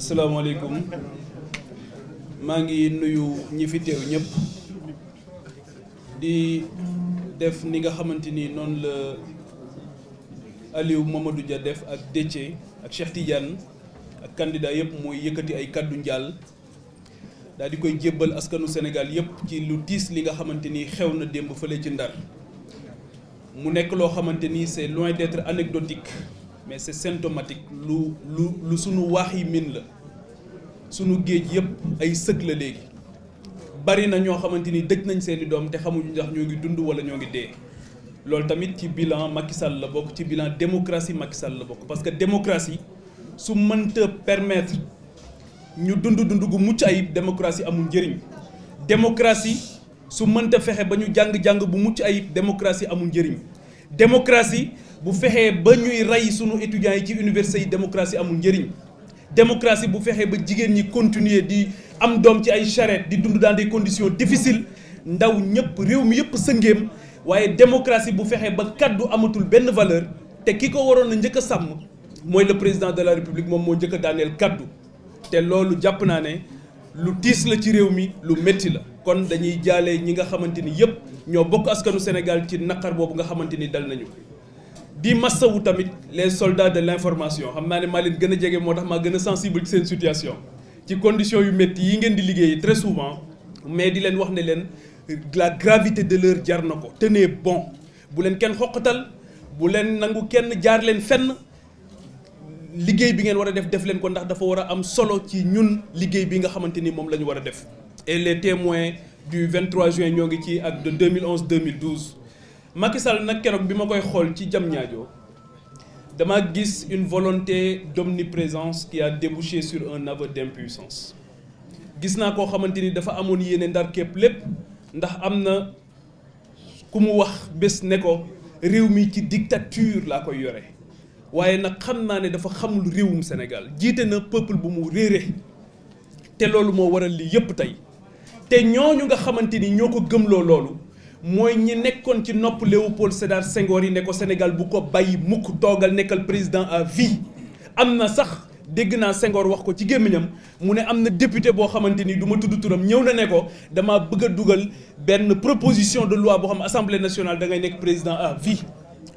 asalaamaaleykum maa ngi nuyu ñi fi teew ñëpp di def ni nga xamante ni noonu la Aliou Mamadou ja def ak Déthié ak Cheikh Tidiane ak candidat yëpp mooy yëkkati ay kàddu njaal daal di koy jébbal askanu senegal yëpp ci lu tiis li nga xamante ni xew na démb fële ci Ndar mu nekk loo xamante ni c'est loin d'être anecdotique mais c'est symptomatique lu lu lu sunu min la sunu géej yep ay sëg legi. bari na ñoo xamante ni dëj nañ seeni doom te xamuñu ndax ñoo ngi dund wala ñoo ngi dee tamit ci bilan Macky Sall la bok ci bilan démocratie Macky Sall la bok. parce que démocratie su mënta permettre ñu dundu dund gu mucc ayib démocratie amul njëriñ démocratie su mënta fexé ba ñu jàng jàng bu mucc ayib démocratie amul njëriñ démocratie bu fexee ba ñuy rey sunu étudiants yi ci université yi démocratie amul njëriñ démocratie bu fexee ba jigéen ñi continuer di am doom ci ay charrette di dund dans des conditions difficiles ndaw ñëpp réew mi yëpp sëngéem waaye démocratie bu fexee ba kaddu amatul benn valeur te ki ko waroon na njëkk a sàmm mooy le président de la république moom moo njëkk a daaneel kaddu te loolu jàpp naa ne lu tiis la ci réew mi lu métti la kon dañuy jaalee ñi nga xamante ni yëpp ñoo bokk askanu Sénégal ci naqar boobu nga xamante ni dal nañu di massawu tamit les soldats de l'information xam naa ne maa leen gën a jege moo tax maa gën a sensible ci seen situation ci conditions yu métti yi ngeen di liggéey très souvent mais di leen wax ne leen la gravité de leur jar na ko tenez bon bu leen kenn xoqatal bu leen nangu kenn jaar leen fenn liggéey bi ngeen war a def def leen ko ndax dafa war a am solo ci ñun liggéey bi nga xamante ni moom la ñu war a def et les témoins du 23 juin ñoo ngi ci ak de 2011 2012 Macky Sall nag keroog bi ma koy xool ci jam ñaajoo dama gis une volonté d'omniprésence qui a débouché sur un aveu d'impuissance gis na ko xamanteni dafa amone yene ndar kep lepp ndax amna kumu wax bes ne ko réew mi ci dictature la koy yoré waye nak xam naa ne dafa xamul réewum Sénégal jité na peuple bu mu réré té loolu mo waral li yépp tay té ñoñu nga xamanteni ni ko moy ñi nekkon ci nopp Léopold Sédar Senghor yi ne ko Sénégal bu ko bàyyi mukk toogal nekkal président à vie am na sax dégg naa Senghor wax ko ci gémmiñam mu ne am na député boo xamante ni du ma tudd turam ñëw na ne ko dama bëgg a dugal benn proposition de loi boo xam assemblée nationale da ngay nekk président à vie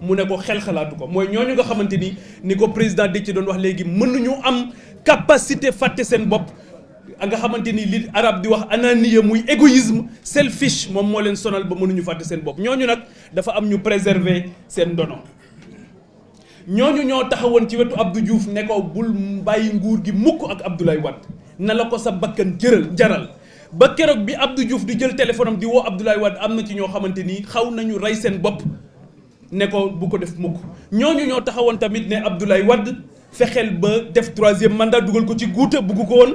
mu ne ko xel xalaatu ko mooy ñooñu nga xamante ni ni ko président Déthié doon wax léegi mënuñu am capacité fàtte seen bopp nga xamante ni li arab di wax ananiya muy égoïsme selfish moom moo leen sonal ba mënuñu fàdd seen bopp ñooñu nag dafa am ñu préserver seen ndono ñooñu ñoo taxawoon ci wetu Abdou Diouf ne ko bul bàyyi nguur gi mukk ak Abdoulaye Wade na la ko sa bakkan jëral jaral ba keroog bi Abdou Diouf di jël téléphone am di woo Abdoulaye am na ci ñoo xamante ni xaw nañu rey seen bopp ne ko bu ko def mukk ñooñu ñoo taxawoon tamit ne Abdoulaye wadd fexeel ba def troisième mandat dugal ko ci guuta buggu ko woon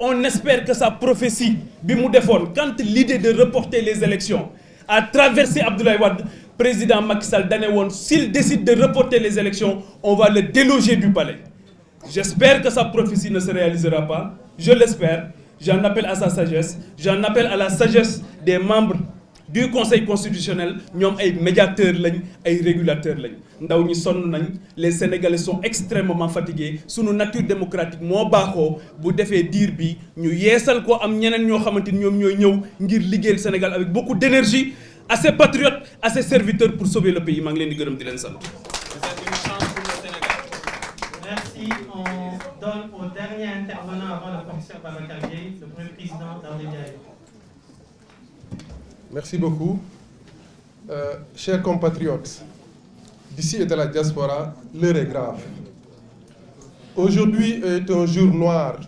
on espère que sa prophétie quand l'idée de reporter les élections a traversé Abdoulaye Wade président Macky Sall s'il décide de reporter les élections on va le déloger du palais j'espère que sa prophétie ne se réalisera pas je l'espère j'en appelle à sa sagesse j'en appelle à la sagesse des membres du conseil constitutionnel nous ay médiateurs et ay régulateurs lañ ndaw ñi les sénégalais sont extrêmement fatigués sous nature démocratique nous baaxoo bu defee diir bi ñu yeesal ko am ñeneen ñoo xamante ni ñoom le Sénégal avec beaucoup d'énergie à ses patriotes à ses serviteurs pour sauver le pays maa ngi di Merci. On donne au dernier intervenant avant la de parlementaire, le premier président d'André Merci beaucoup. Euh, chers compatriotes, d'ici et de la diaspora, l'heure est grave. Aujourd'hui est un jour noir.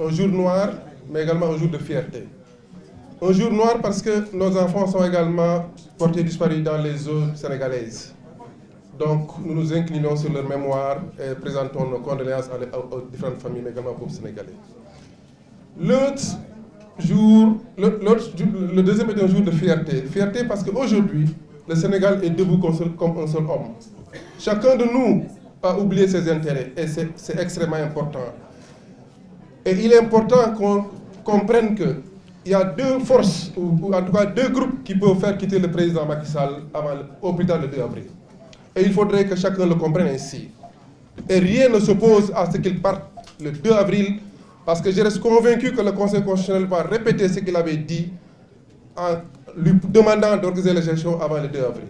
Un jour noir, mais également un jour de fierté. Un jour noir parce que nos enfants sont également portés disparus dans les eaux sénégalaises. Donc, nous nous inclinons sur leur mémoire et présentons nos condoléances aux différentes familles, mais également aux sénégalais. L'autre jour, le, deuxième est un jour de fierté. Fierté parce qu'aujourd'hui, le Sénégal est debout comme un seul homme. Chacun de nous a oublié ses intérêts et c'est extrêmement important. Et il est important qu'on comprenne qu'il y a deux forces, ou, en tout cas deux groupes qui peuvent faire quitter le président Macky Sall avant, au plus tard le 2 avril. Et il faudrait que chacun le comprenne ainsi. Et rien ne s'oppose à ce qu'il parte le 2 avril parce que je reste convaincu que le Conseil constitutionnel va répéter ce qu'il avait dit en lui demandant d'organiser les élections avant le 2 avril.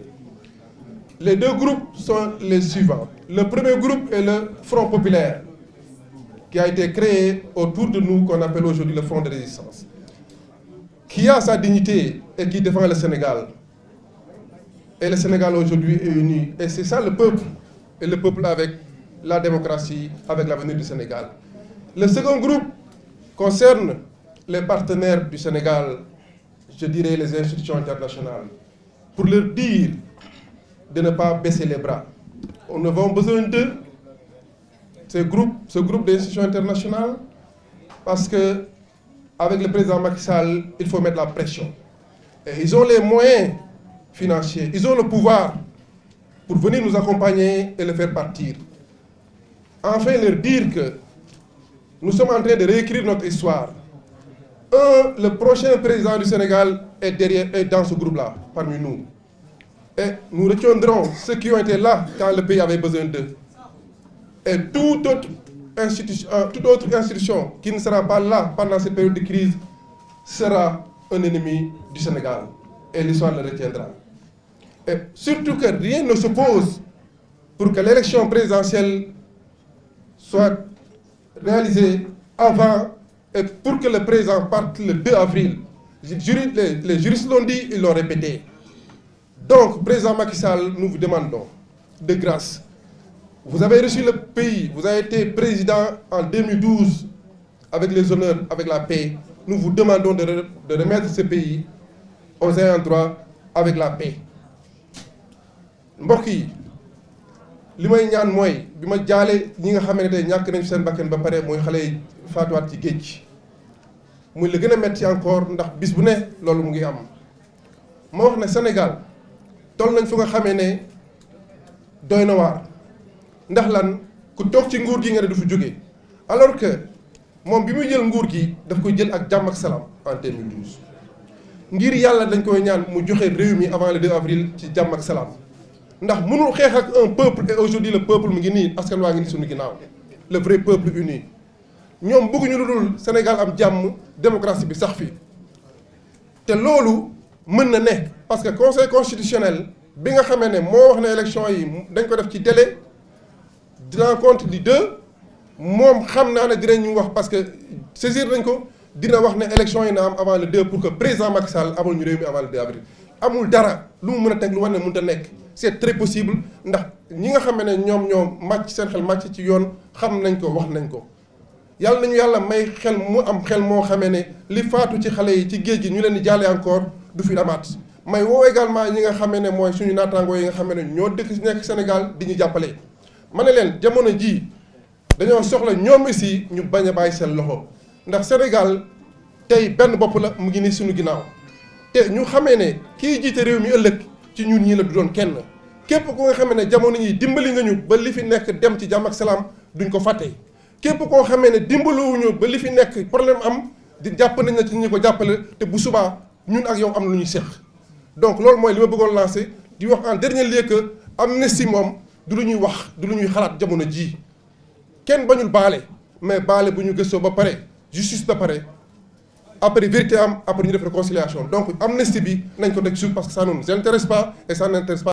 Les deux groupes sont les suivants. Le premier groupe est le Front populaire, qui a été créé autour de nous, qu'on appelle aujourd'hui le Front de résistance, qui a sa dignité et qui défend le Sénégal. Et le Sénégal aujourd'hui est uni. Et c'est ça le peuple. Et le peuple avec la démocratie, avec l'avenir du Sénégal. Le second groupe concerne les partenaires du Sénégal, je dirais les institutions internationales, pour leur dire de ne pas baisser les bras. On a besoin d'eux, ce groupe, ce groupe d'institutions internationales, parce que avec le président Macky Sall, il faut mettre la pression. ils ont les moyens financiers, ils ont le pouvoir pour venir nous accompagner et le faire partir. Enfin, leur dire que nous sommes en train de réécrire notre histoire. Un, le prochain président du Sénégal est, derrière, dans ce groupe-là, parmi nous. Et nous retiendrons ceux qui ont été là quand le pays avait besoin d'eux. Et euh, toute autre, institution, qui ne sera pas là pendant cette période de crise sera un ennemi du Sénégal. Et l'histoire le retiendra. Et surtout que rien ne se pose pour que l'élection présidentielle soit réalisé avant et pour que le président parte le 2 avril. Les, juristes l'ont dit, ils l'ont répété. Donc, président Macky Sall, nous vous demandons de grâce. Vous avez reçu le pays, vous avez été président en 2012 avec les honneurs, avec la paix. Nous vous demandons de, de remettre ce pays aux ayants droit avec la paix. Mboki, li may ñaan mooy bi ma jaalee ñi nga xam ne tey ñàkk nañ seen bakkan ba pare mooy xale yi faatuwaat ci géej mu la gën a metti encore ndax bis bu ne loolu mu ngi am ma wax ne Sénégal toll nañ fu nga xamee ne doy na waar ndax lan ku toog ci nguur gi nga ne du fi jóge alors que moom bi muy jël nguur gi daf koy jël ak jàmm ak salaam en ngir yàlla dañ koy ñaan mu joxe réew mi avant le 2 avril ci jàmm ak salaam. ndax mënul xeex ak un peuple et aujourd'hui le peuple mu ngi nii askan waa ngi nii suñu ginnaaw le vrai peuple uni ñoom bëgguñu lu dul Sénégal am jàmm démocratie bi sax fii te loolu mën na nekk parce que conseil constitutionnel bi nga xamee ne moo wax ne élection yi dañ ko def ci délai dina compte di deux moom xam naa ne dinañu wax parce que saisir nañ ko dina wax ne élection yi na am avant le 2 pour que président Macky Sall amul ñu réew mi avant le 2 avril amul dara lu mu mën a teg lu war ne mënut nekk c'est très possible ndax ñi nga xamé né ñom ñom match seen xel match ci yoon xam nañ ko wax nañ ko yalla nañu yalla may xel mu am xel mo xamé né li faatu ci xalé yi ci geej gi ñu leen di jàllee encore du fi ramat may wo également ñi nga xamé né moy suñu natango yi nga xamee ne ñoo dëkk nekk Sénégal di ñu jappalé mané leen jamono jii dañoo soxla ñom ici ñu baña bay bàyyi seen loxo ndax Sénégal tey benn bopp la mu ngi ni suñu ginnaaw te ñu xamé né kii jiite réew mi ëllëg ci ñun ñi la du doon kenn képp ko nga xamee ne jamono ñi dimbali nga ñu ba li fi nekk dem ci jàmm ak salaam duñ ko fàtte képp koo xamee ne dimbaluwuñu ba li fi nekk problème am di jàpp nañ na ci ñi ko jàppale te bu subaa ñun ak yow am lu ñuy séq donc loolu mooy li ma bëggoon lancé di wax en dernier lieu que amnistie moom du lu ñuy wax du lu ñuy xalaat jamono ji kenn bañul baale mais baale bu ñu gëstoo ba pare justice ba pare après vérité am après ñu def réconciliation donc amnistie bi nañ ko teg suuf parce que ça nous intéresse pas et ça n'intéresse pas